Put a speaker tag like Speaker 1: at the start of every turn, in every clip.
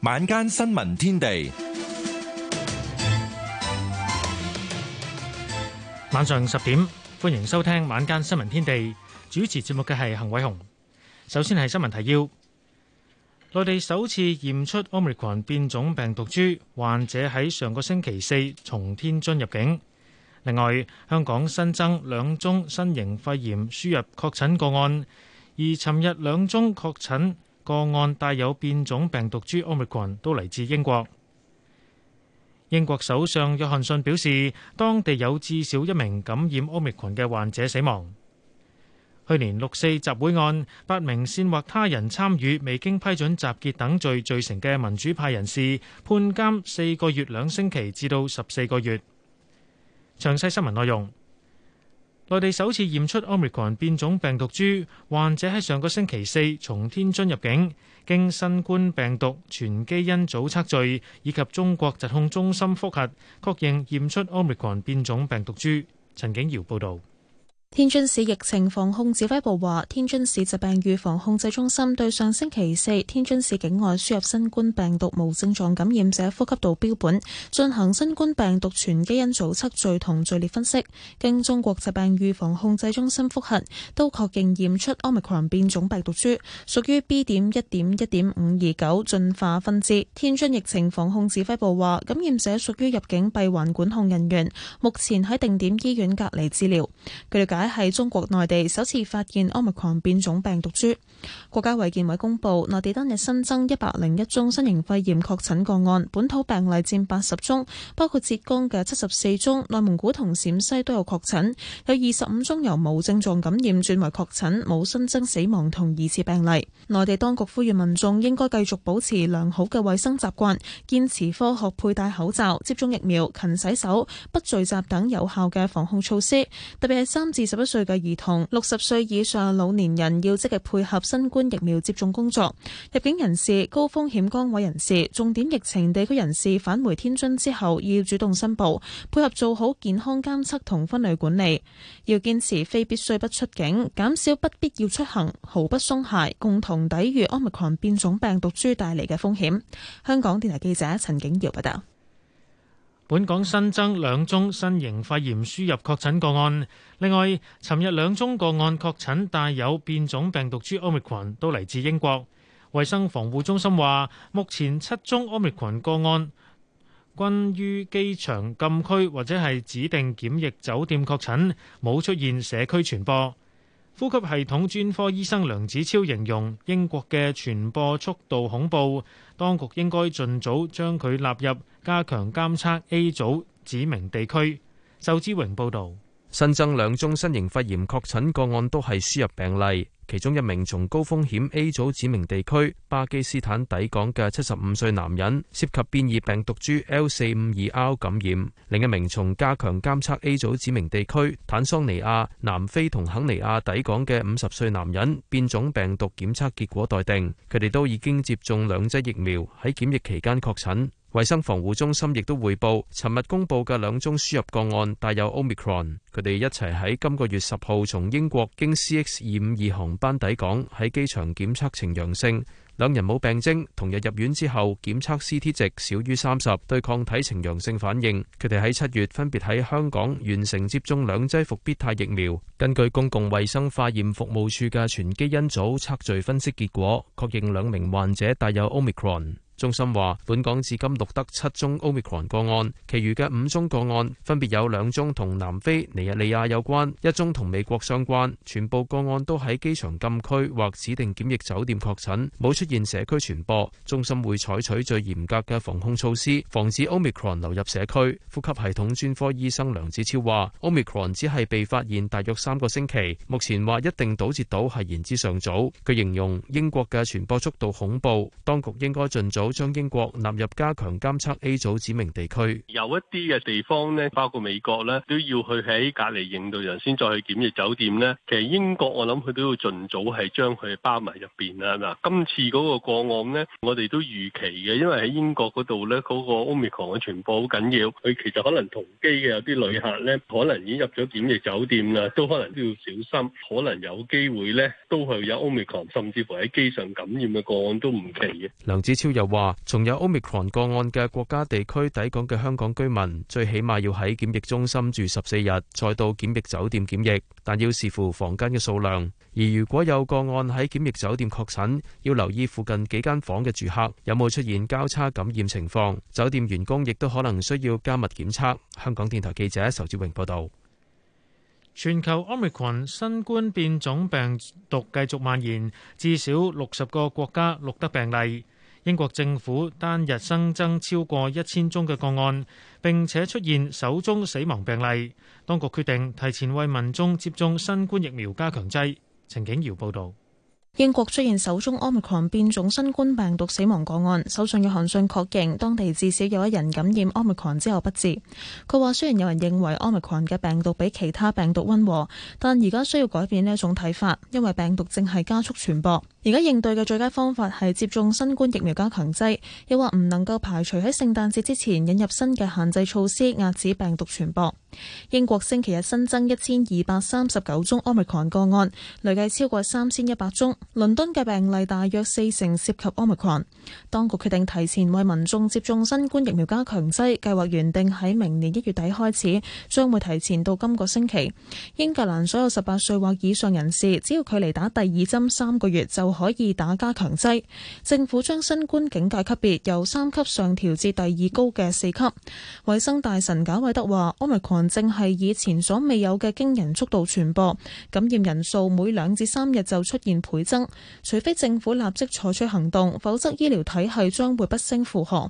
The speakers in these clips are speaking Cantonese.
Speaker 1: 晚間新聞天地，
Speaker 2: 晚上十點，歡迎收聽晚間新聞天地。主持節目嘅係恒偉雄。首先係新聞提要：內地首次驗出 Omicron 變種病毒株，患者喺上個星期四從天津入境。另外，香港新增兩宗新型肺炎輸入確診個案，而尋日兩宗確診。個案帶有變種病毒株 Omicron 都嚟自英國。英國首相約翰遜表示，當地有至少一名感染 Omicron 嘅患者死亡。去年六四集會案，八名煽惑他人參與未經批准集結等罪罪成嘅民主派人士，判監四個月兩星期至到十四個月。詳細新聞內容。內地首次驗出 Omicron 變種病毒株，患者喺上個星期四從天津入境，經新冠病毒全基因組測序以及中國疾控中心複核，確認驗出 Omicron 變種病毒株。陳景瑤報道。
Speaker 3: 天津市疫情防控指揮部話，天津市疾病預防控制中心對上星期四天津市境外輸入新冠病毒無症狀感染者呼吸道標本進行新冠病毒全基因組測序同序列分析，經中國疾病預防控制中心複核，都確認驗出 Omicron 變種病毒株，屬於 B 點一點一點五二九進化分支。天津疫情防控指揮部話，感染者屬於入境閉環管控人員，目前喺定點醫院隔離治療。據了解，係中國內地首次發現奧密克戎變種病毒株。國家衛健委公布，內地單日新增一百零一宗新型肺炎確診個案，本土病例佔八十宗，包括浙江嘅七十四宗，內蒙古同陝西都有確診，有二十五宗由無症狀感染轉為確診，冇新增死亡同疑似病例。內地當局呼籲民眾應該繼續保持良好嘅衛生習慣，堅持科學佩戴口罩、接種疫苗、勤洗手、不聚集等有效嘅防控措施，特別係三至。十一歲嘅兒童、六十歲以上老年人要積極配合新冠疫苗接種工作；入境人士、高風險崗位人士、重點疫情地區人士返回天津之後，要主動申報，配合做好健康監測同分類管理。要堅持非必須不出境，減少不必要出行，毫不鬆懈，共同抵禦奧密克戎變種病毒株帶嚟嘅風險。香港電台記者陳景堯報道。拜拜。
Speaker 2: 本港新增兩宗新型肺炎輸入確診個案，另外，尋日兩宗個案確診帶有變種病毒株 Omicron，都嚟自英國。衛生防護中心話，目前七宗 Omicron 個案均於機場禁區或者係指定檢疫酒店確診，冇出現社區傳播。呼吸系統專科醫生梁子超形容英國嘅傳播速度恐怖，當局應該盡早將佢納入加強監測 A 組指明地區。仇志榮報
Speaker 4: 道。新增兩宗新型肺炎確診個案都係輸入病例。其中一名從高風險 A 組指明地區巴基斯坦抵港嘅七十五歲男人，涉及變異病毒株 L452R 感染；另一名從加強監測 A 組指明地區坦桑尼亞、南非同肯尼亞抵港嘅五十歲男人，變種病毒檢測結果待定。佢哋都已經接種兩劑疫苗，喺檢疫期間確診。衛生防護中心亦都匯報，尋日公布嘅兩宗輸入個案帶有 Omicron。佢哋一齊喺今個月十號從英國經 CX 二五二航班抵港，喺機場檢測呈陽性，兩人冇病徵，同日入院之後檢測 C T 值少於三十，對抗體呈陽性反應。佢哋喺七月分別喺香港完成接種兩劑復必泰疫苗。根據公共衛生化驗服務處嘅全基因組測序分析結果，確認兩名患者帶有 Omicron。中心話：本港至今錄得七宗 Omicron 個案，其餘嘅五宗個案分別有兩宗同南非、尼日利亞有關，一宗同美國相關。全部個案都喺機場禁區或指定檢疫酒店確診，冇出現社區傳播。中心會採取最嚴格嘅防控措施，防止 Omicron 流入社區。呼吸系統專科醫生梁子超話：Omicron 只係被發現大約三個星期，目前話一定堵截到係言之尚早。佢形容英國嘅傳播速度恐怖，當局應該盡早，將英國納入加強監測 A 組指明地區，
Speaker 1: 有一啲嘅地方咧，包括美國咧，都要去喺隔離認到人先再去檢疫酒店咧。其實英國我諗佢都要盡早係將佢包埋入邊啦。嗱，今次嗰個個案咧，我哋都預期嘅，因為喺英國嗰度嗰個 Omicron 嘅傳播好緊要。佢其實可能同機嘅有啲旅客咧，可能已經入咗檢疫酒店啦，都可能都要小心，可能有機會咧都係有 Omicron，甚至乎喺機上感染嘅個案都唔奇嘅。
Speaker 4: 梁子超又。話，從有 Omicron 個案嘅國家地區抵港嘅香港居民，最起碼要喺檢疫中心住十四日，再到檢疫酒店檢疫，但要視乎房間嘅數量。而如果有個案喺檢疫酒店確診，要留意附近幾間房嘅住客有冇出現交叉感染情況。酒店員工亦都可能需要加密檢測。香港電台記者仇志榮報道。
Speaker 2: 全球 Omicron 新冠變種病毒繼續蔓延，至少六十個國家錄得病例。英國政府單日新增超過一千宗嘅個案，並且出現首宗死亡病例。當局決定提前為民眾接種新冠疫苗加強劑。陳景瑤報導。
Speaker 3: 英國出現首宗 omicron 變種新冠病毒死亡個案。首相約翰遜確認，當地至少有一人感染 omicron 之後不治。佢話雖然有人認為 omicron 嘅病毒比其他病毒溫和，但而家需要改變呢一種睇法，因為病毒正係加速傳播。而家應對嘅最佳方法係接種新冠疫苗加強劑，又或唔能夠排除喺聖誕節之前引入新嘅限制措施，遏止病毒傳播。英國星期日新增一千二百三十九宗 Omicron 個案，累計超過三千一百宗。倫敦嘅病例大約四成涉及 Omicron。當局決定提前為民眾接種新冠疫苗加強劑，計劃原定喺明年一月底開始，將會提前到今個星期。英格蘭所有十八歲或以上人士，只要距離打第二針三個月就可以打加強劑。政府將新冠警戒級別由三級上調至第二高嘅四級。衛生大臣賈偉德話：Omicron 正係以前所未有嘅驚人速度傳播，感染人數每兩至三日就出現倍增，除非政府立即採取行動，否則醫療體系將會不勝負荷。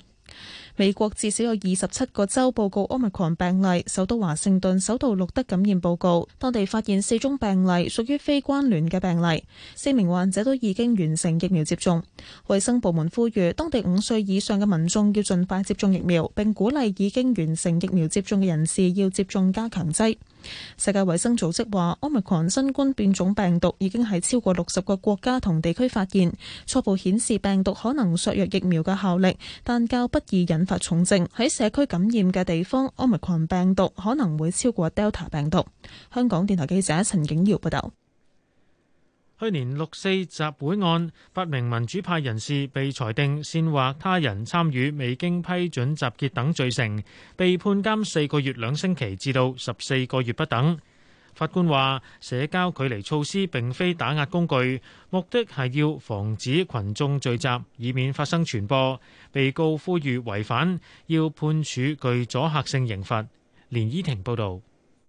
Speaker 3: 美國至少有二十七個州報告 Omicron 病例，首都華盛頓首度錄得感染報告，當地發現四宗病例屬於非關聯嘅病例，四名患者都已經完成疫苗接種。衛生部門呼籲當地五歲以上嘅民眾要盡快接種疫苗，並鼓勵已經完成疫苗接種嘅人士要接種加強劑。世界衛生組織話，奧密克戎新冠變種病毒已經係超過六十個國家同地區發現，初步顯示病毒可能削弱疫苗嘅效力，但較不易引發重症。喺社區感染嘅地方，奧密克戎病毒可能會超過 Delta 病毒。香港電台記者陳景耀報道。
Speaker 2: 去年六四集會案，八名民主派人士被裁定煽惑他人參與未經批准集結等罪成，被判監四個月兩星期至到十四個月不等。法官話：社交距離措施並非打壓工具，目的係要防止群眾聚集，以免發生傳播。被告呼籲違反，要判處具阻嚇性刑罰。連依婷報導。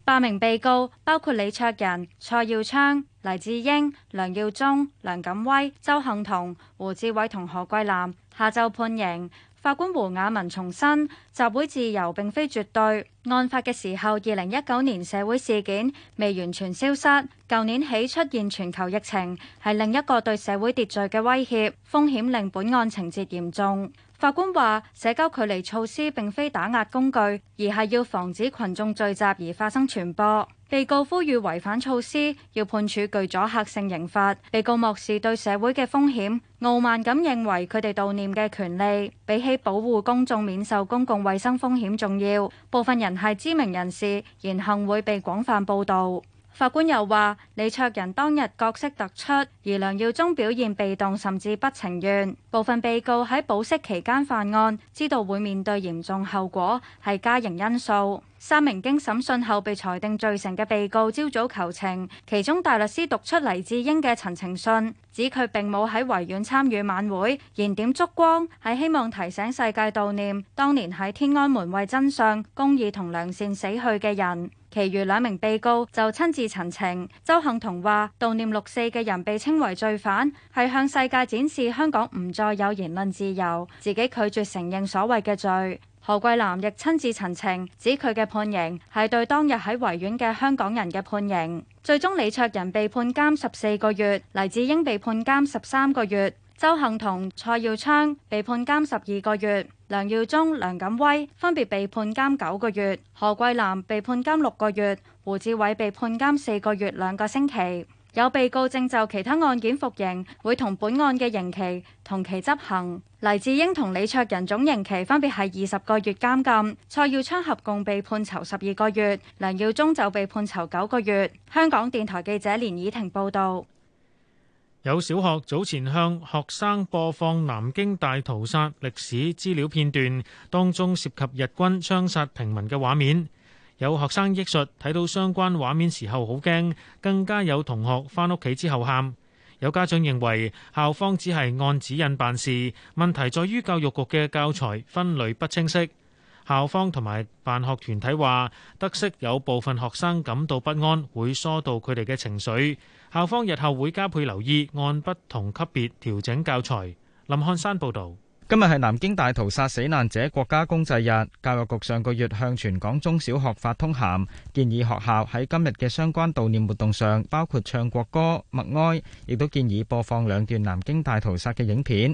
Speaker 5: 八名被告包括李卓人、蔡耀昌、黎智英、梁耀忠、梁錦威、周幸彤、胡志偉同何桂藍下晝判刑。法官胡雅文重申，集會自由並非絕對。案發嘅時候，二零一九年社會事件未完全消失，舊年起出現全球疫情，係另一個對社會秩序嘅威脅，風險令本案情節嚴重。法官話：社交距離措施並非打壓工具，而係要防止群眾聚集而發生傳播。被告呼籲違反措施要判處具阻嚇性刑罰。被告漠視對社會嘅風險，傲慢咁認為佢哋悼念嘅權利比起保護公眾免受公共衛生風險重要。部分人係知名人士，言行會被廣泛報導。法官又話：李卓人當日角色突出，而梁耀忠表現被動，甚至不情願。部分被告喺保釋期間犯案，知道會面對嚴重後果，係加刑因素。三名經審訊後被裁定罪成嘅被告，朝早求情，其中大律師讀出黎智英嘅陳情信，指佢並冇喺維園參與晚會燃點燭光，係希望提醒世界悼念當年喺天安門為真相、公義同良善死去嘅人。其餘兩名被告就親自陳情。鄒幸彤話悼念六四嘅人被稱為罪犯，係向世界展示香港唔再有言論自由。自己拒絕承認所謂嘅罪。何桂藍亦親自陳情，指佢嘅判刑係對當日喺維園嘅香港人嘅判刑。最終，李卓人被判監十四個月，黎智英被判監十三個月。周幸同蔡耀昌被判監十二個月，梁耀忠、梁錦威分別被判監九個月，何桂南被判監六個月，胡志偉被判監四個月兩個星期。有被告正就其他案件服刑，會同本案嘅刑期同期執行。黎智英同李卓人總刑期分別係二十個月監禁，蔡耀昌合共被判囚十二個月，梁耀忠就被判囚九個月。香港電台記者連以婷報道。
Speaker 2: 有小學早前向學生播放南京大屠殺歷史資料片段，當中涉及日軍槍殺平民嘅畫面。有學生憶述，睇到相關畫面時候好驚，更加有同學返屋企之後喊。有家長認為校方只係按指引辦事，問題在於教育局嘅教材分類不清晰。校方同埋辦學團體話，得悉有部分學生感到不安，會疏導佢哋嘅情緒。校方日後會加倍留意，按不同級別調整教材。林漢山報導。今日係南京大屠殺死難者
Speaker 6: 國家公祭日，教育局上個月向全港中小學發通函，建議學校喺今日嘅相關悼念活動上，包括唱國歌、默哀，亦都建議播放兩段南京大屠殺嘅影片。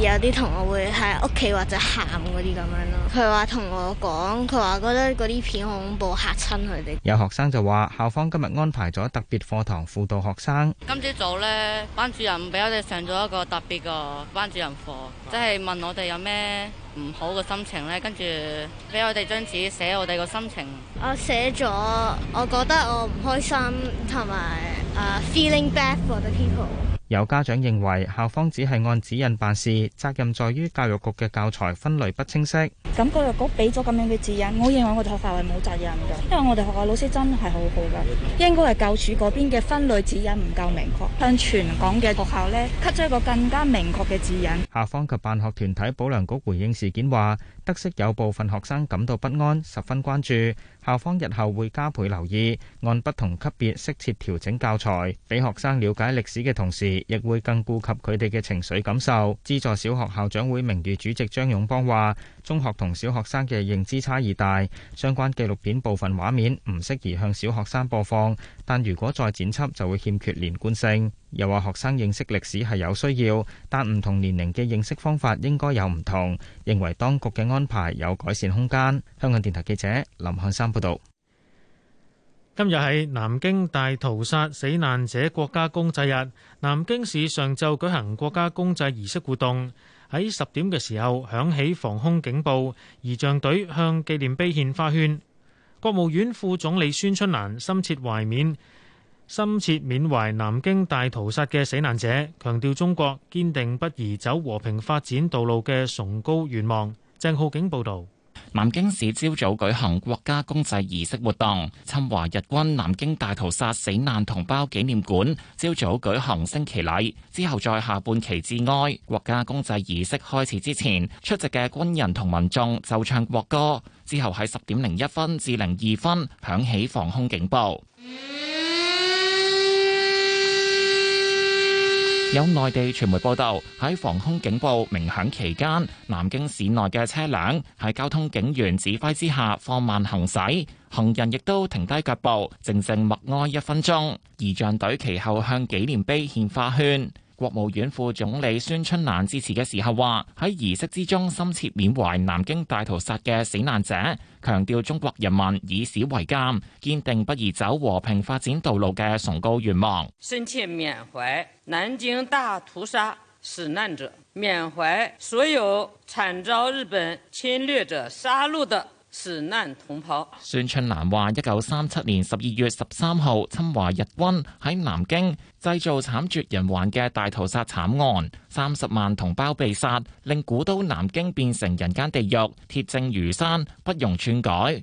Speaker 7: 有啲同學會喺屋企或者喊嗰啲咁樣咯。佢話同我講，佢話覺得嗰啲片恐怖，嚇親佢哋。
Speaker 6: 有學生就話，校方今日安排咗特別課堂輔導學生。
Speaker 5: 今朝早咧，班主任俾我哋上咗一個特別嘅班主任課，即係問我哋有咩唔好嘅心情咧，跟住俾我哋張紙寫我哋個心情。
Speaker 7: 我寫咗，我覺得我唔開心同埋啊，feeling bad for the people。
Speaker 6: 有家長認為校方只係按指引辦事，責任在於教育局嘅教材分類不清晰。
Speaker 5: 咁教育局俾咗咁樣嘅指引，我認為我哋學校係冇責任嘅，因為我哋學校老師真係好好㗎。應該係教署嗰邊嘅分類指引唔夠明確，向全港嘅學校呢，俾出一個更加明確嘅指引。
Speaker 6: 校方及辦學團體保良局回應事件話，得悉有部分學生感到不安，十分關注。校方日後會加倍留意，按不同級別適切調整教材，俾學生了解歷史嘅同時，亦會更顧及佢哋嘅情緒感受。資助小學校長會名譽主席張勇邦話，中學同小學生嘅認知差異大，相關紀錄片部分畫面唔適宜向小學生播放，但如果再剪輯就會欠缺連貫性。又話學生認識歷史係有需要，但唔同年齡嘅認識方法應該有唔同。認為當局嘅安排有改善空間。香港電台記者林漢山報導。
Speaker 2: 今日係南京大屠殺死難者國家公祭日，南京市上晝舉行國家公祭儀式活動。喺十點嘅時候，響起防空警報，儀仗隊向紀念碑獻花圈。國務院副總理孫春蘭深切懷緬。深切緬懷南京大屠殺嘅死難者，強調中國堅定不移走和平發展道路嘅崇高願望。鄭浩景報道：
Speaker 8: 南京市朝早舉行國家公祭儀式活動，侵華日軍南京大屠殺死難同胞紀念館朝早舉行升旗禮，之後在下半旗致哀。國家公祭儀式開始之前，出席嘅軍人同民眾奏唱國歌，之後喺十點零一分至零二分響起防空警報。有內地傳媒報道，喺防空警報鳴響期間，南京市內嘅車輛喺交通警員指揮之下放慢行駛，行人亦都停低腳步，靜靜默哀一分鐘。儀仗隊其後向紀念碑獻花圈。國務院副總理孫春蘭致辭嘅時候話：喺儀式之中深切緬懷南京大屠殺嘅死難者，強調中國人民以史為鑑，堅定不移走和平發展道路嘅崇高願望。
Speaker 5: 深切緬懷南京大屠殺死難者，緬懷所有慘遭日本侵略者殺戮的。死難同胞，
Speaker 8: 孫春蘭話：一九三七年十二月十三號，侵華日軍喺南京製造慘絕人寰嘅大屠殺慘案，三十萬同胞被殺，令古都南京變成人間地獄，鐵證如山，不容篡改。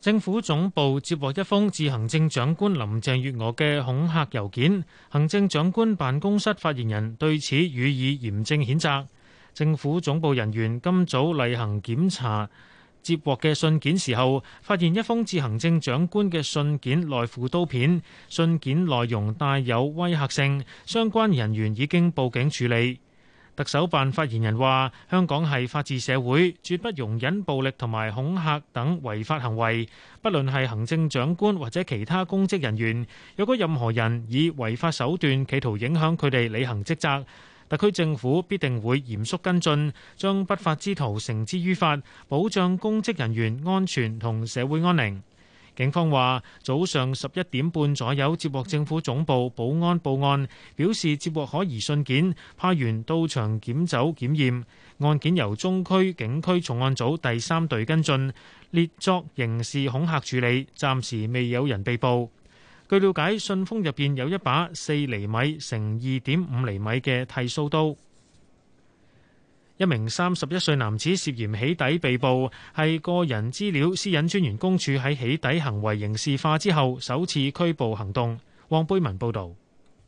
Speaker 2: 政府總部接獲一封致行政長官林鄭月娥嘅恐嚇郵件，行政長官辦公室發言人對此予以嚴正譴責。政府總部人員今早例行檢查接獲嘅信件時候，發現一封致行政長官嘅信件內附刀片，信件內容帶有威嚇性，相關人員已經報警處理。特首辦發言人話：香港係法治社會，絕不容忍暴力同埋恐嚇等違法行為。不論係行政長官或者其他公職人員，如果任何人以違法手段企圖影響佢哋履行職責，特區政府必定會嚴肅跟進，將不法之徒繩之於法，保障公職人員安全同社會安寧。警方話：早上十一點半左右接獲政府總部保安報案，表示接獲可疑信件，派員到場檢走檢驗。案件由中區警區重案組第三隊跟進，列作刑事恐嚇處理，暫時未有人被捕。據了解，信封入邊有一把四厘米乘二點五厘米嘅剃鬚刀。一名三十一歲男子涉嫌起底被捕，係個人資料私隱專員公署喺起底行為刑事化之後首次拘捕行動。黃貝文報
Speaker 9: 道，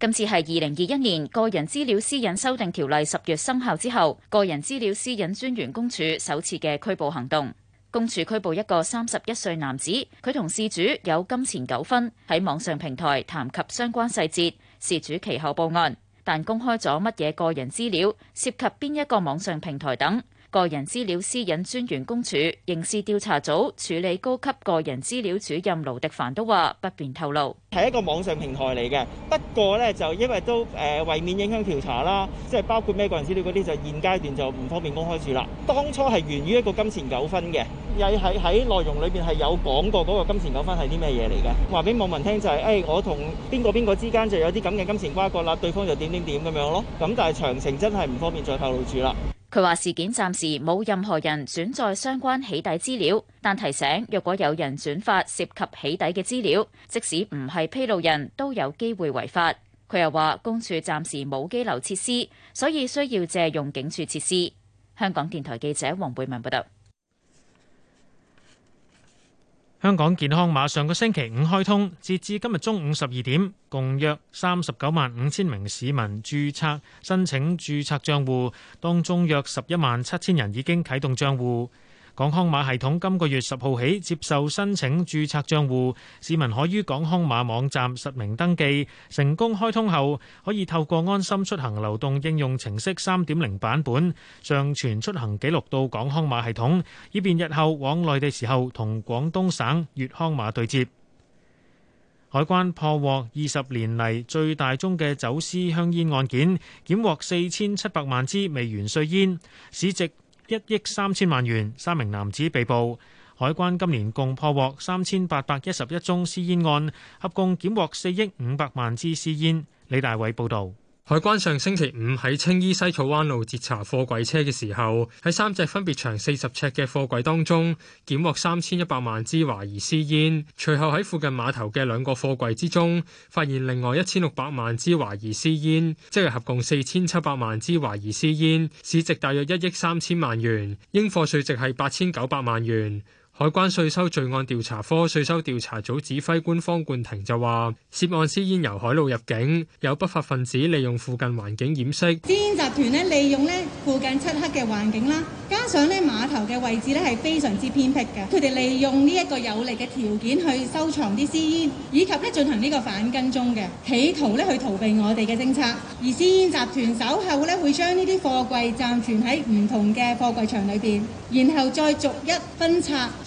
Speaker 9: 今次係二零二一年個人資料私隱修訂條例十月生效之後，個人資料私隱專員公署首次嘅拘捕行動。公署拘捕一個三十一歲男子，佢同事主有金錢糾紛，喺網上平台談及相關細節，事主其後報案。但公開咗乜嘢個人資料，涉及邊一個網上平台等。個人資料私隱專員公署刑事調查組處理高級個人資料主任盧迪凡都話不便透露，係一個網上平台嚟嘅。
Speaker 10: 不過咧，就因為都誒、呃、為免影響調查啦，即、就、係、是、包括咩個人資料嗰啲，就現階段就唔方便公開住啦。當初係源於一個金錢糾紛嘅，又喺喺內容裏邊係有講過嗰個金錢糾紛係啲咩嘢嚟嘅。話俾網民聽就係、是、誒、哎，我同邊個邊個之間就有啲咁嘅金錢瓜葛啦，對方就點點點咁樣咯。咁但係詳情真係唔方便再透露住啦。
Speaker 9: 佢話：事件暫時冇任何人轉載相關起底資料，但提醒若果有人轉發涉及起底嘅資料，即使唔係披露人都有機會違法。佢又話：公署暫時冇拘留設施，所以需要借用警署設施。香港電台記者黃貝文報道。
Speaker 2: 香港健康碼上個星期五開通，截至今日中午十二點，共約三十九萬五千名市民註冊申請註冊賬戶，當中約十一萬七千人已經啟動賬戶。港康碼系統今個月十號起接受申請註冊帳戶，市民可於港康碼網站實名登記，成功開通後可以透過安心出行流動應用程式3.0版本上傳出行記錄到港康碼系統，以便日後往內地時候同廣東省粵康碼對接。海關破獲二十年嚟最大宗嘅走私香煙案件，檢獲四千七百萬支未完稅煙，市值，一億三千萬元，三名男子被捕。海關今年共破獲三千八百一十一宗私煙案，合共檢獲四億五百萬支私
Speaker 1: 煙。李大偉報導。海關上星期五喺青衣西草灣路截查貨櫃車嘅時候，喺三隻分別長四十尺嘅貨櫃當中，檢獲三千一百萬支懷疑私煙，隨後喺附近碼頭嘅兩個貨櫃之中，發現另外一千六百萬支懷疑私煙，即係合共四千七百萬支懷疑私煙，市值大約一億三千萬元，應貨稅值係八千九百萬元。海關稅收罪案調查科稅收調查組指揮官方冠廷就話，涉案私煙由海路入境，有不法分子利用附近環境掩飾。
Speaker 3: 私煙集團咧利用咧附近漆黑嘅環境啦，加上咧碼頭嘅位置咧係非常之偏僻嘅，佢哋利用呢一個有利嘅條件去收藏啲私煙，以及咧進行呢個反跟蹤嘅，企圖咧去逃避我哋嘅偵察。而私煙集團稍後咧會將呢啲貨櫃暫存喺唔同嘅貨櫃場裏邊，然後再逐一分拆。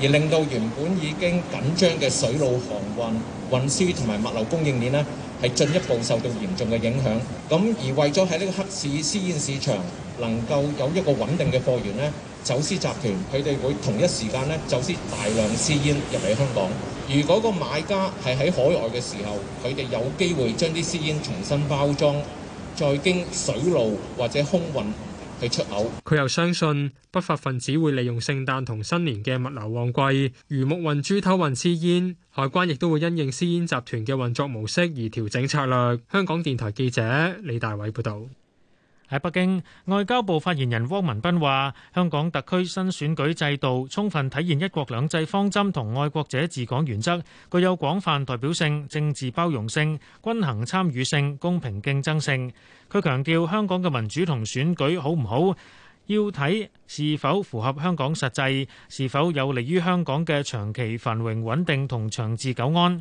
Speaker 7: 而令到原本已經緊張嘅水路航運、運輸同埋物流供應鏈呢，係進一步受到嚴重嘅影響。咁而為咗喺呢個黑市私煙市場能夠有一個穩定嘅貨源呢，
Speaker 4: 走私集團佢哋會同一時間呢走私大量私煙入嚟香港。如果
Speaker 7: 個買家係喺海外嘅時候，佢哋有機會將啲私煙重新包裝，再經水路或者空運。
Speaker 1: 佢又相信不法分子會利用聖誕同新年嘅物流旺季，魚目混珠偷運私煙，海關亦都會因應私煙集團嘅運作模式而調整策略。香港電台記者李大偉報導。喺北京，外交部發言人汪文斌話：香港
Speaker 2: 特區新選舉制度充分體現一國兩制方針同愛國者治港原則，具有廣泛代表性、政治包容性、均衡參與性、公平競爭性。佢強調，香港嘅民主同選舉好唔好，要睇是否符合香港實際，是否有利於香港嘅長期繁榮穩定同長治久安。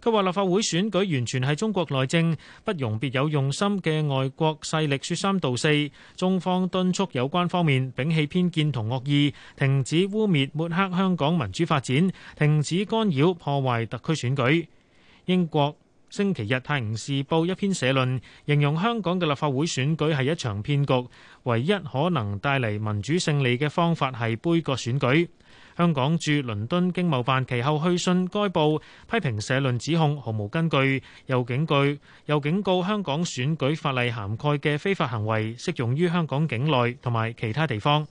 Speaker 2: 佢話：立法會選舉完全係中國內政，不容別有用心嘅外國勢力説三道四。中方敦促有關方面摒棄偏見同惡意，停止污蔑抹黑香港民主發展，停止干擾破壞特區選舉。英國《星期日泰晤士報》一篇社論形容香港嘅立法會選舉係一場騙局，唯一可能帶嚟民主勝利嘅方法係杯葛選舉。香港駐倫敦經貿辦其後去信該報，批評社論指控毫無根據，又警句又警告香港選舉法例涵蓋嘅非法行為適用於香港境內同埋其他地方。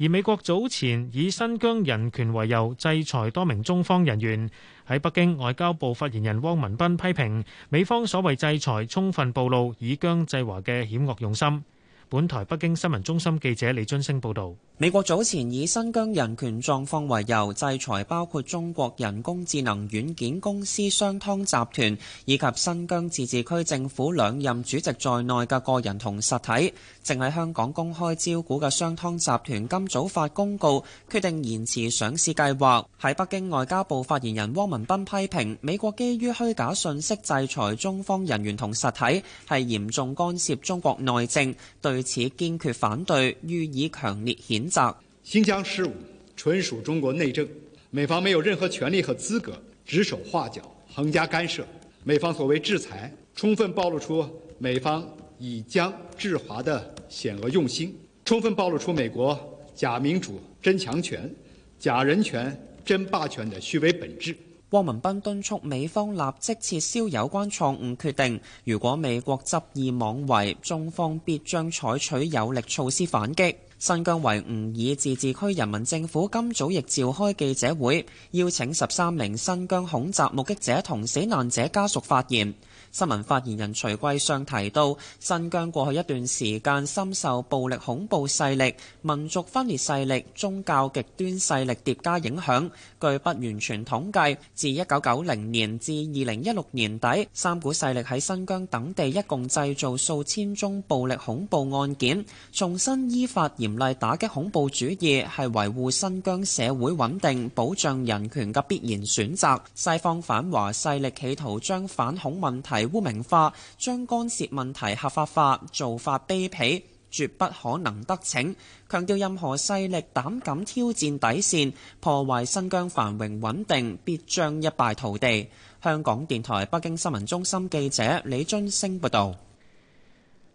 Speaker 2: 而美國早前以新疆人權為由制裁多名中方人員，喺北京外交部發言人汪文斌批評美方所謂制裁充分暴露以疆制華嘅險惡用心。本台北京新聞中心記者李津升報
Speaker 11: 道，美國早前以新疆人權狀況為由制裁包括中國人工智能軟件公司商湯集團以及新疆自治區政府兩任主席在內嘅個人同實體。正喺香港公開招股嘅商湯集團今早發公告，決定延遲上市計劃。喺北京外交部發言人汪文斌批評，美國基於虛假信息制裁中方人員同實體，係嚴重干涉中國內政。對對此堅決反對，予以強烈譴責。
Speaker 1: 新疆事務純屬中國內政，美方沒有任何權利和資格指手畫腳、橫加干涉。美方所謂制裁，充分暴露出美方以疆制華的險惡用心，充分暴露出美國
Speaker 11: 假民主真強權、假人權真霸權的虛偽本質。郭文斌敦促美方立即撤銷有關錯誤決定，如果美國執意妄為，中方必將採取有力措施反擊。新疆維吾爾自治區人民政府今早亦召開記者會，邀請十三名新疆恐襲目擊者同死難者家屬發言。新聞發言人徐桂上提到，新疆過去一段時間深受暴力恐怖勢力、民族分裂勢力、宗教極端勢力疊加影響。據不完全統計，自1990年至2016年底，三股勢力喺新疆等地一共製造數千宗暴力恐怖案件。重新依法嚴厲打擊恐怖主義，係維護新疆社會穩定，保障人權嘅必然選擇，西方反華勢力企圖將反恐問題污名化，將干涉問題合法化，做法卑鄙，絕不可能得逞。強調任何勢力膽敢挑戰底線，破壞新疆繁榮穩定，必將一敗塗地。香港電台北京新聞中心記者李津升報道：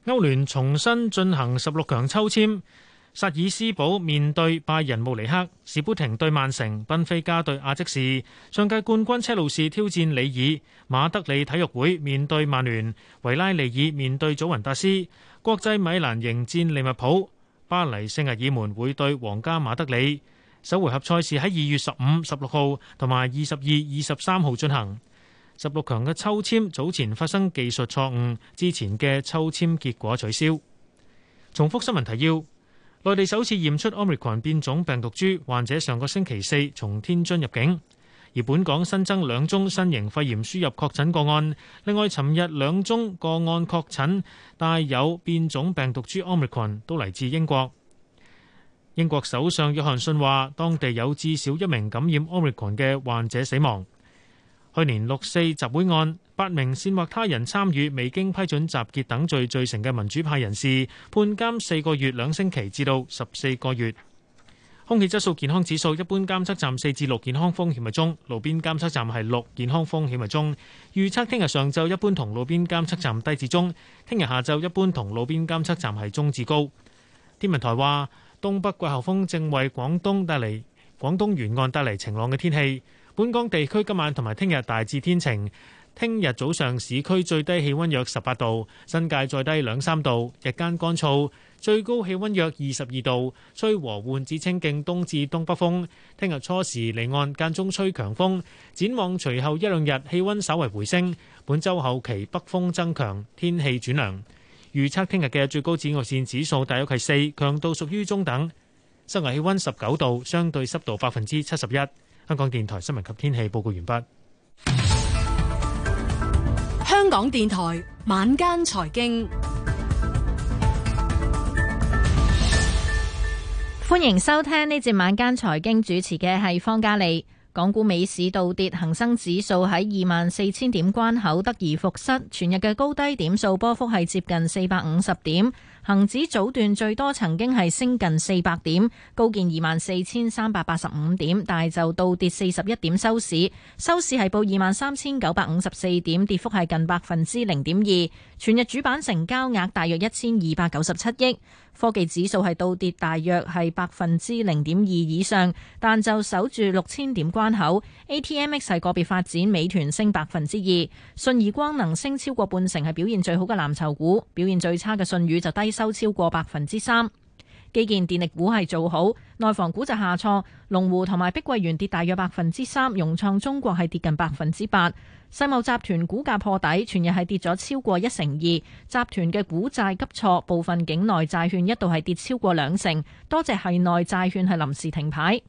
Speaker 2: 歐聯重新進行十六強抽籤。薩爾斯堡面對拜仁慕尼黑，史波廷對曼城，賓菲加對阿積士，上屆冠軍車路士挑戰里爾，馬德里體育會面對曼聯，維拉利爾面對祖雲達斯，國際米蘭迎戰利物浦，巴黎聖日耳門會對皇家馬德里。首回合賽事喺二月十五、十六號同埋二十二、二十三號進行。十六強嘅抽簽早前發生技術錯誤，之前嘅抽籤結果取消。重複新聞提要。內地首次驗出奧密克戎變種病毒株，患者上個星期四從天津入境。而本港新增兩宗新型肺炎輸入確診個案，另外尋日兩宗個案確診帶有變種病毒株奧密克戎，都嚟自英國。英國首相約翰遜話，當地有至少一名感染奧密克戎嘅患者死亡。去年六四集會案，八名煽惑他人參與，未經批准集結等罪罪成嘅民主派人士判監四個月兩星期至到十四個月。空氣質素健康指數一般監測站四至六，健康風險係中，路邊監測站係六，健康風險係中。預測聽日上晝一般同路邊監測站低至中，聽日下晝一般同路邊監測站係中至高。天文台話，東北季候風正為廣東帶嚟廣東沿岸帶嚟晴朗嘅天氣。本港地區今晚同埋聽日大致天晴，聽日早上市區最低氣溫約十八度，新界再低兩三度，日間乾燥，最高氣溫約二十二度，吹和緩至清勁東至東北風。聽日初時離岸間中吹強風，展望隨後一兩日氣溫稍為回升。本週後期北風增強，天氣轉涼。預測聽日嘅最高紫外線指數大約係四，強度屬於中等。室外氣溫十九度，相對濕度百分之七十一。香港電台新聞及天氣報告完畢。
Speaker 9: 香港電台晚間財經，歡迎收聽呢節晚間財經主持嘅係方嘉利。港股、美市倒跌，恒生指數喺二萬四千點關口得而復失，全日嘅高低點數波幅係接近四百五十點。恒指早段最多曾經係升近四百點，高見二萬四千三百八十五點，但係就倒跌四十一點收市，收市係報二萬三千九百五十四點，跌幅係近百分之零點二。全日主板成交額大約一千二百九十七億。科技指數係倒跌，大約係百分之零點二以上，但就守住六千點關口。A T M X 係個別發展，美團，美團升百分之二，信義光能升超過半成，係表現最好嘅藍籌股。表現最差嘅信義就低收超過百分之三。基建電力股係做好，內房股就下挫，龍湖同埋碧桂園跌大約百分之三，融創中國係跌近百分之八。世茂集團股價破底，全日係跌咗超過一成二。集團嘅股債急挫，部分境內債券一度係跌超過兩成。多隻境內債券係臨時停牌。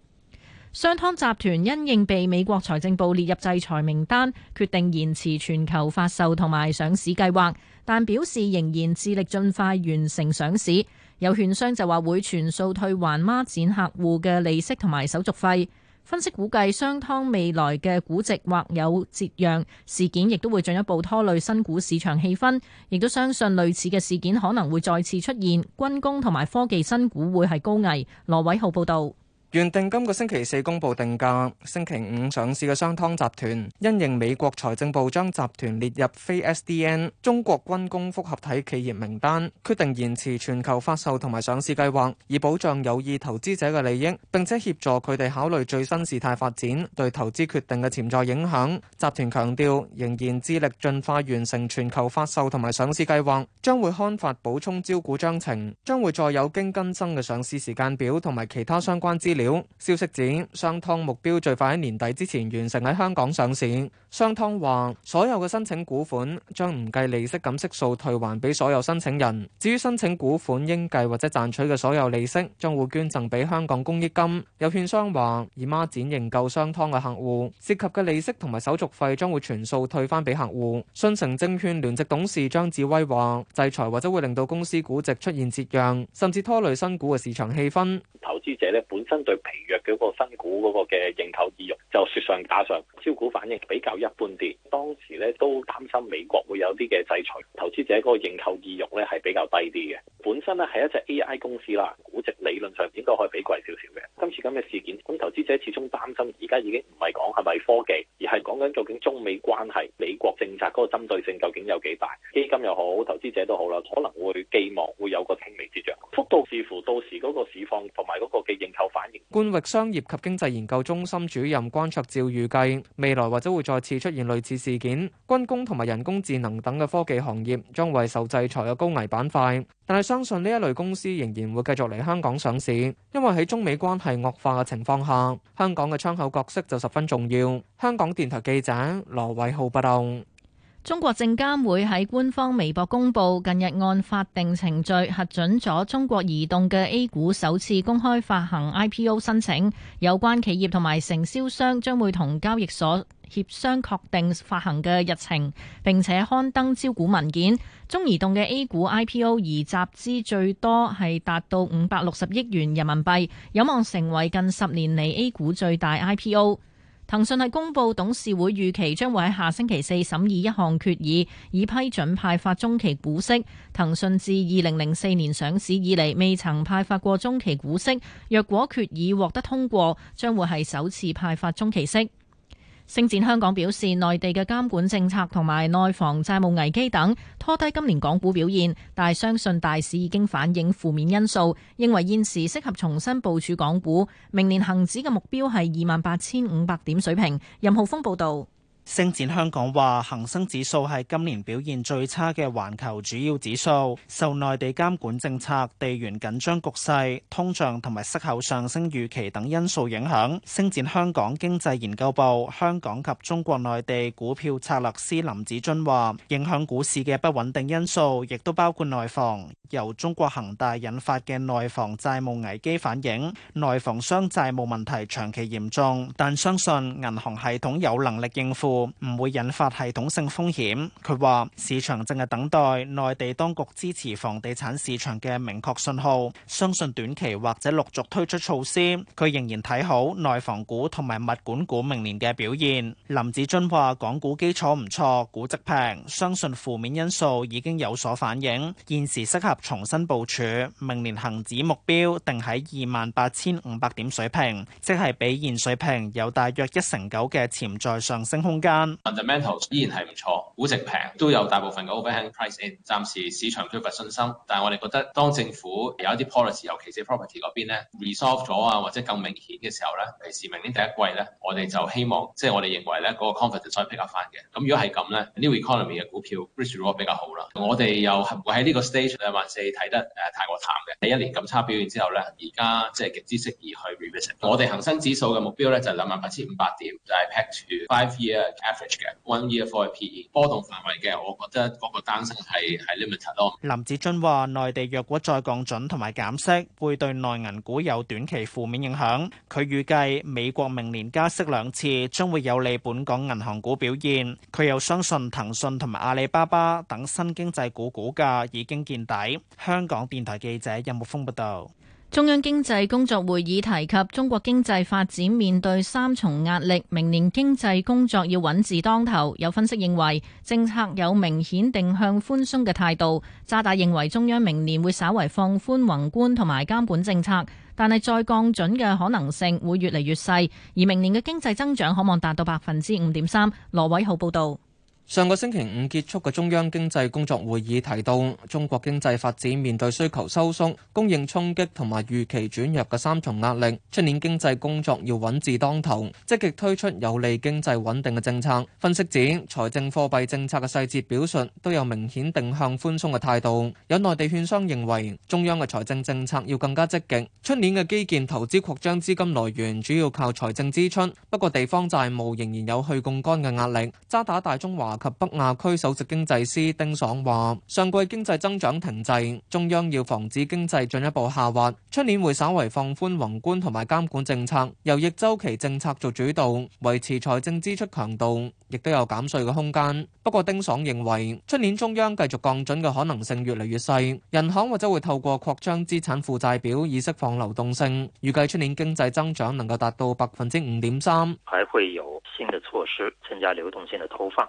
Speaker 9: 商湯集團因應被美國財政部列入制裁名單，決定延遲全球發售同埋上市計劃，但表示仍然致力盡快完成上市。有券商就話會全數退還孖展客戶嘅利息同埋手續費。分析估計，商湯未來嘅估值或有折讓，事件亦都會進一步拖累新股市場氣氛，亦都相信類似嘅事件可能會再次出現。軍工同埋科技新股會係高危。羅偉浩報導。
Speaker 7: 原定今個星期四公佈定價，星期五上市嘅商湯集團，因應美國財政部將集團列入非 SDN 中國軍工複合體企業名單，決定延遲全球發售同埋上市計劃，以保障有意投資者嘅利益，並且協助佢哋考慮最新事態發展對投資決定嘅潛在影響。集團強調仍然致力盡快完成全球發售同埋上市計劃，將會刊發補充招股章程，將會載有經更新嘅上市時間表同埋其他相關資料。消息指，商湯目標最快喺年底之前完成喺香港上市。商湯話，所有嘅申請股款將唔計利息，咁息數退還俾所有申請人。至於申請股款應計或者賺取嘅所有利息，將會捐贈俾香港公益金。有券商話，以孖展認購商湯嘅客戶涉及嘅利息同埋手續費將會全數退翻俾客戶。信誠證券聯席董事張志威話，制裁，或者會令到公司估值出現折讓，甚至拖累新股嘅市場氣氛。
Speaker 12: 投資者咧本身疲弱嘅個新股個嘅認購意欲就雪上加霜，招股反應比較一般啲。當時咧都擔心美國會有啲嘅制裁，投資者嗰個認購意欲咧係比較低啲嘅。本身咧係一隻 AI 公司啦，估值理論上應該可以比貴少少嘅。今次咁嘅事件，咁投資者始終擔心，而家已經唔係講係咪科技，而係講緊究竟中美關係、美國政策嗰個針對性究竟有幾大？基金又好，投資者都好啦，可能會寄望會有個輕微折讓，幅度視乎到時嗰個市況同埋
Speaker 2: 嗰個嘅認購
Speaker 7: 反應。冠域商業及經濟研究中心主任關卓照預計，未來或者會再次出現類似事件。軍工同埋人工智能等嘅科技行業將會受制裁嘅高危板塊，但係相信呢一類公司仍然會繼續嚟香港上市，因為喺中美關係惡化嘅情況下，香港嘅窗口角色就十分重要。香港電台記者羅偉浩報道。
Speaker 9: 中國證監會喺官方微博公布，近日按法定程序核准咗中國移動嘅 A 股首次公開發行 IPO 申請。有關企業同埋承銷商將會同交易所協商確定發行嘅日程，並且刊登招股文件。中移動嘅 A 股 IPO 而集資最多係達到五百六十億元人民幣，有望成為近十年嚟 A 股最大 IPO。騰訊係公佈董事會預期將會喺下星期四審議一項決議，以批准派發中期股息。騰訊自二零零四年上市以嚟，未曾派發過中期股息，若果決議獲得通過，將會係首次派發中期息。星展香港表示，內地嘅監管政策同埋內房債務危機等拖低今年港股表現，但係相信大市已經反映負面因素，認為現時適合重新部署港股。明年恆指嘅目標係二萬八千五百點水平。任浩峰報導。
Speaker 10: 星展香港話，恒生指數係今年表現最差嘅環球主要指數，受內地監管政策、地緣緊張局勢、通脹同埋息口上升預期等因素影響。星展香港經濟研究部香港及中國內地股票策略師林子津話，影響股市嘅不穩定因素，亦都包括內房由中國恒大引發嘅內房債務危機反映，內房商債務問題長期嚴重，但相信銀行系統有能力應付。唔會引發系統性風險。佢話市場正係等待內地當局支持房地產市場嘅明確信號，相信短期或者陸續推出措施。佢仍然睇好內房股同埋物管股明年嘅表現。林子臻話：港股基礎唔錯，估值平，相信負面因素已經有所反映，現時適合重新部署。明年恒指目標定喺二萬八千五百點水平，即係比現水平有大約一成九嘅潛在上升空。
Speaker 4: Fundamentals 依然係唔錯，估值平，都有大部分嘅 overhang price in。暫時市場缺乏信心，但係我哋覺得當政府有一啲 policy，尤其是 property 嗰邊咧 resolve 咗啊，或者更明顯嘅時候咧，尤其是明年第一季咧，我哋就希望即係、就是、我哋認為咧嗰、那個 confidence 可以 pick up 翻嘅。咁如果係咁咧，new economy 嘅股票 growth 比較好啦。我哋又唔會喺呢個 stage 還是睇得誒、呃、太過淡嘅。第一年咁差表現之後咧，極而家即係極之適宜去 revisit 我哋恒生指數嘅目標咧就係兩萬八千五百點，就係 peg to five year。Average 嘅 one year four PE 波動範圍嘅，我覺得嗰個擔心係
Speaker 10: 係 limit 咯。林子俊話：內地若果再降準同埋減息，會對內銀股有短期負面影響。佢預計美國明年加息兩次，將會有利本港銀行股表現。佢又相信騰訊同埋阿里巴巴等新經濟股股價已經見底。香港電台記者任木峰報道。
Speaker 9: 中央經濟工作會議提及中國經濟發展面對三重壓力，明年經濟工作要穩字當頭，有分析認為政策有明顯定向寬鬆嘅態度。渣打認為中央明年會稍為放寬宏觀同埋監管政策，但係再降準嘅可能性會越嚟越細，而明年嘅經濟增長可望達到百分之五點三。羅偉浩報道。
Speaker 7: 上個星期五結束嘅中央經濟工作會議提到，中國經濟發展面對需求收縮、供應衝擊同埋預期轉弱嘅三重壓力，出年經濟工作要穩字當頭，積極推出有利經濟穩定嘅政策。分析指，財政貨幣政策嘅細節表述都有明顯定向寬鬆嘅態度。有內地券商認為，中央嘅財政政策要更加積極，出年嘅基建投資擴張資金來源主要靠財政支出，不過地方債務仍然有去槓桿嘅壓力。渣打大中華。及北亞區首席經濟師丁爽話，上季經濟增長停滯，中央要防止經濟進一步下滑，出年會稍為放寬宏觀同埋監管政策，由逆周期政策做主導，維持財政支出強度，亦都有減稅嘅空間。不過，丁爽認為出年中央繼續降準嘅可能性越嚟越細，銀行或者會透過擴張資產負債表以釋放流動性。預計出年經濟增長能夠達到百分之五點三，
Speaker 12: 還會有新的措施增加流動性的投放。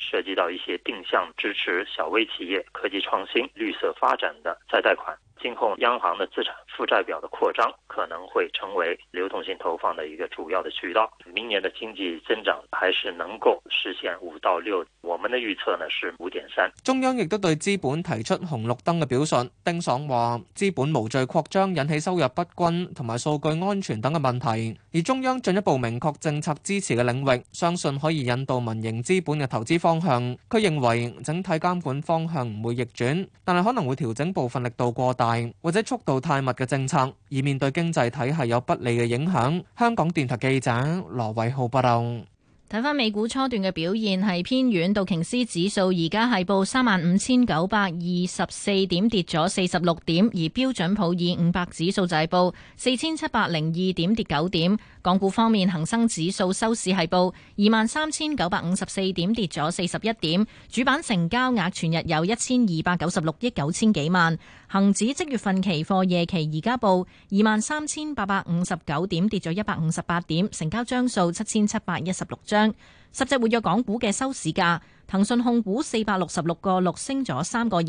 Speaker 12: 涉及到一些定向支持小微企業、科技創新、綠色發展的再貸款。今後央行的資產負債表的擴張可能會成為流動性投放的一個主要的渠道。明年的經濟增長還是能夠實現五到六。我們的預測呢是五點三。
Speaker 7: 中央亦都對資本提出紅綠燈嘅表述，丁爽話：資本無序擴張引起收入不均同埋數據安全等嘅問題。而中央進一步明確政策支持嘅領域，相信可以引導民營資本嘅投資方。方向，佢認為整體監管方向唔會逆轉，但係可能會調整部分力度過大或者速度太密嘅政策，以面對經濟體系有不利嘅影響。香港電台記者羅偉浩報道。
Speaker 9: 睇翻美股初段嘅表現係偏軟，道瓊斯指數而家係報三萬五千九百二十四點，跌咗四十六點；而標準普爾五百指數就係報四千七百零二點，跌九點。港股方面，恒生指數收市係報二萬三千九百五十四點，跌咗四十一點。主板成交額全日有一千二百九十六億九千幾萬。恒指即月份期貨夜期而家報二萬三千八百五十九點，跌咗一百五十八點，成交張數七千七百一十六張。十隻活躍港股嘅收市價：騰訊控股四百六十六個六升咗三個二，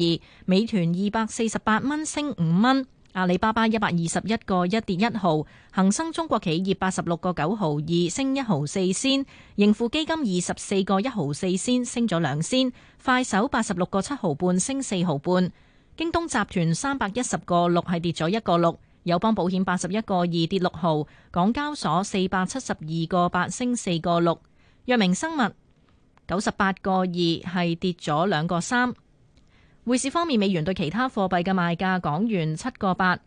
Speaker 9: 美團二百四十八蚊升五蚊，阿里巴巴一百二十一個一跌一毫，恒生中國企業八十六個九毫二升一毫四仙，盈富基金二十四個一毫四仙升咗兩仙，快手八十六個七毫半升四毫半。京東集團三百一十個六係跌咗一個六，友邦保險八十一個二跌六毫，港交所四百七十二個八升四個六，藥明生物九十八個二係跌咗兩個三。匯市方面，美元對其他貨幣嘅賣價，港元七個八，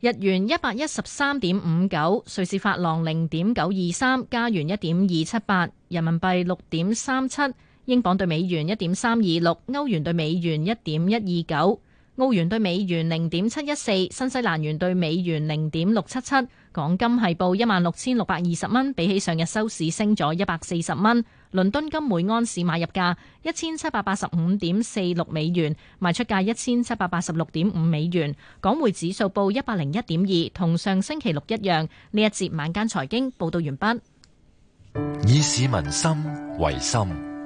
Speaker 9: 日元一百一十三點五九，瑞士法郎零點九二三，加元一點二七八，人民幣六點三七。英鎊兌美元一點三二六，歐元兌美元一點一二九，澳元兌美元零點七一四，新西蘭元兌美元零點六七七。港金係報一萬六千六百二十蚊，比起上日收市升咗一百四十蚊。倫敦金每盎司買入價一千七百八十五點四六美元，賣出價一千七百八十六點五美元。港匯指數報一百零一點二，同上星期六一樣。呢一節晚間財經報道完畢。
Speaker 13: 以市
Speaker 1: 民心為心。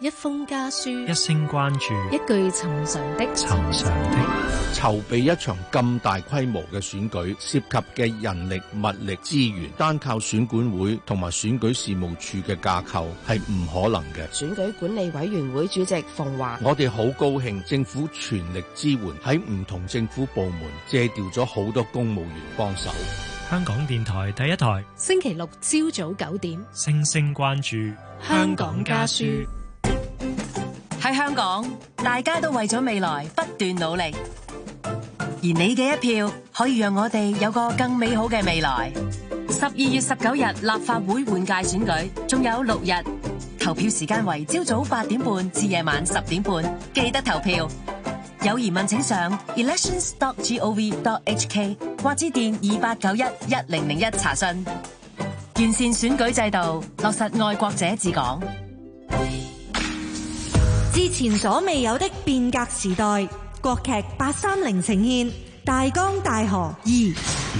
Speaker 13: 一封
Speaker 9: 家書，一
Speaker 11: 聲關注，
Speaker 9: 一句尋常的。籌
Speaker 11: 備
Speaker 5: 一
Speaker 12: 場咁大規模嘅選舉，涉及嘅人力物力資源，單靠選管會同埋選舉事務處嘅架構係唔可能嘅。選
Speaker 3: 舉管理委員會主席馮驊，我
Speaker 12: 哋好高興，政府全力支援，喺唔同政府部門借調咗好多公務員幫手。香港電台第一台，
Speaker 9: 星期六朝早九點，
Speaker 12: 星星關注
Speaker 9: 香港家書。喺香港，大家都為咗未來不斷努力，而你嘅一票可以讓我哋有個更美好嘅未來。十二月十九日立法會換屆選舉仲有六日，投票時間為朝早八點半至夜晚十點半，記得投票。有疑問請上 elections.gov.hk 或致電二八九一一零零一查詢。完善選舉制度，落實愛國者治港。之前所未有的變革時代，國劇八三零呈現
Speaker 5: 《大江大河二》。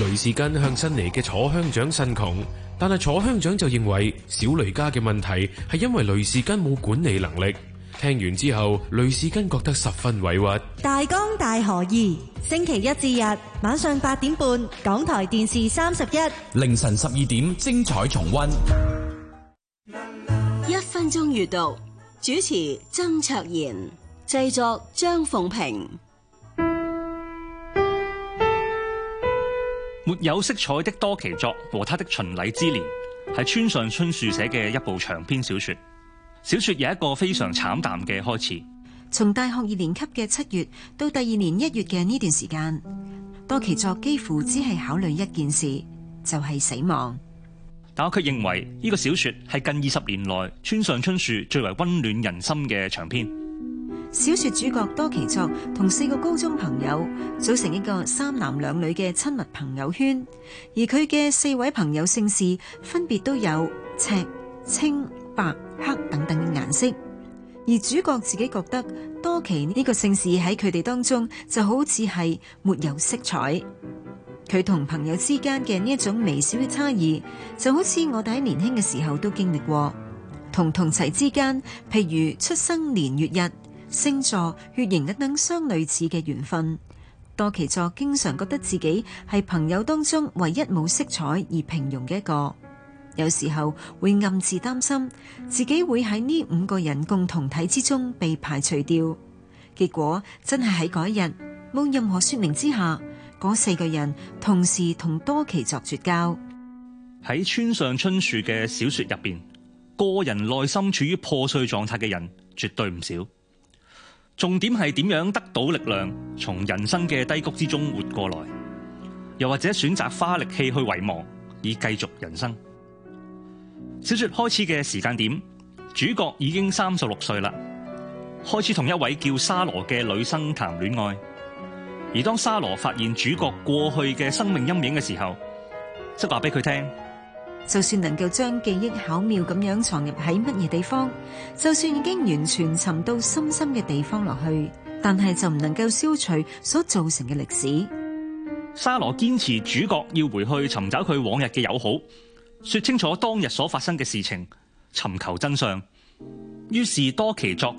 Speaker 1: 雷士根向新嚟嘅楚鄉長申窮，但係楚鄉長就認為小雷家嘅問題係因為雷士根冇管理能力。聽完之後，雷士根覺得十分委屈。
Speaker 9: 《大江大河二》，星期一至日晚上八點半，港台電視三十一，
Speaker 1: 凌晨十二點精
Speaker 4: 彩重溫。
Speaker 13: 一分鐘閱讀。主持曾卓然，製作張鳳平。
Speaker 12: 沒有色彩的多崎作和他的巡禮之年，係村上春樹寫嘅一部長篇小說。小說有一個非常慘淡嘅開始，
Speaker 13: 從大學二年級嘅七月到第二年一月嘅呢段時間，多崎作幾乎只係考慮一件事，就係死亡。
Speaker 12: 但我卻認為呢、這個小說係近二十年內村上春樹最為温暖人心嘅長篇。
Speaker 13: 小說主角多崎作同四個高中朋友組成一個三男兩女嘅親密朋友圈，而佢嘅四位朋友姓氏分別都有赤、青、白、黑等等嘅顏色，而主角自己覺得多崎呢個姓氏喺佢哋當中就好似係沒有色彩。佢同朋友之間嘅呢一種微小嘅差異，就好似我哋喺年輕嘅時候都經歷過，同同齊之間，譬如出生年月日、星座、血型等等相類似嘅緣分。多崎作經常覺得自己係朋友當中唯一冇色彩而平庸嘅一個，有時候會暗自擔心自己會喺呢五個人共同體之中被排除掉。結果真係喺嗰一日冇任何說明之下。嗰四個人同時同多崎作絕交。喺村
Speaker 12: 上春樹嘅小說入邊，個人內心處於破碎狀態嘅人絕對唔少。重點係點樣得到力量，從人生嘅低谷之中活過來，又或者選擇花力氣去遺忘，以繼續人生。小說開始嘅時間點，主角已經三十六歲啦，開始同一位叫沙羅嘅女生談戀愛。而當沙羅發現主角過去嘅生命陰影嘅時候，即係話俾佢聽，
Speaker 13: 就算能夠將記憶巧妙咁樣藏入喺乜嘢地方，就算已經完全沉到深深嘅地方落去，但係就唔能夠消除所造成嘅歷史。
Speaker 12: 沙羅堅持主角要回去尋找佢往日嘅友好，說
Speaker 13: 清楚當日所發生嘅事情，尋求真相。於是多奇作。